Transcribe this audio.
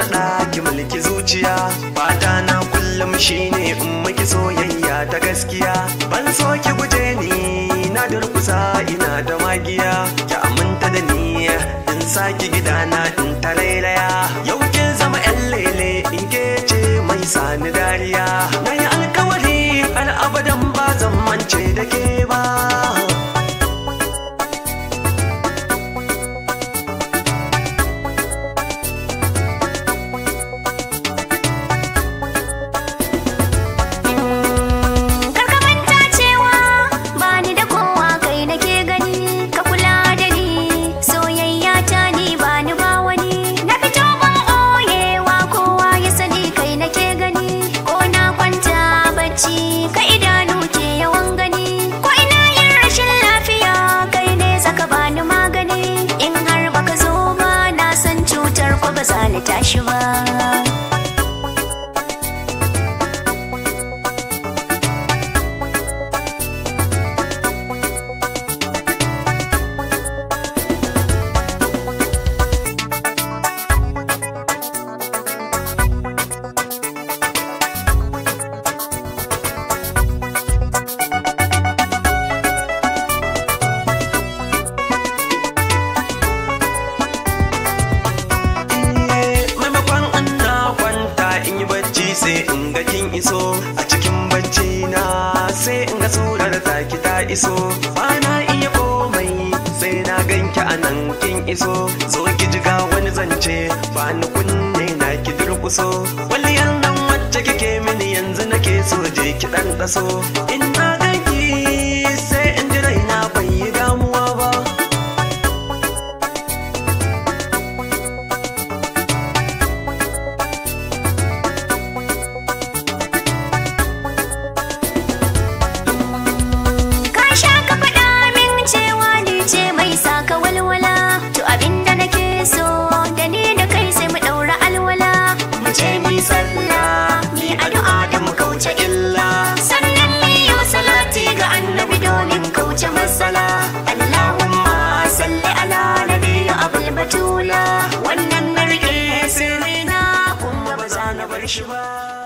naɗa ki mulki zuciya fata na kullum shine in miki soyayya ta gaskiya ban so ki guje ni na durkusa ina da magiya ki aminta da ni in saki gidana in ta lailaya ba ta na tashi ba in ga kin iso a cikin bacci na sai in ga surar ki ta iso ba na iya komai sai na ganki a nan kin iso zo ki jiga wani zance ba ni kunne na ki durkuso waliyan nan wacce kike mini yanzu nake so je ki dan daso bar shi ba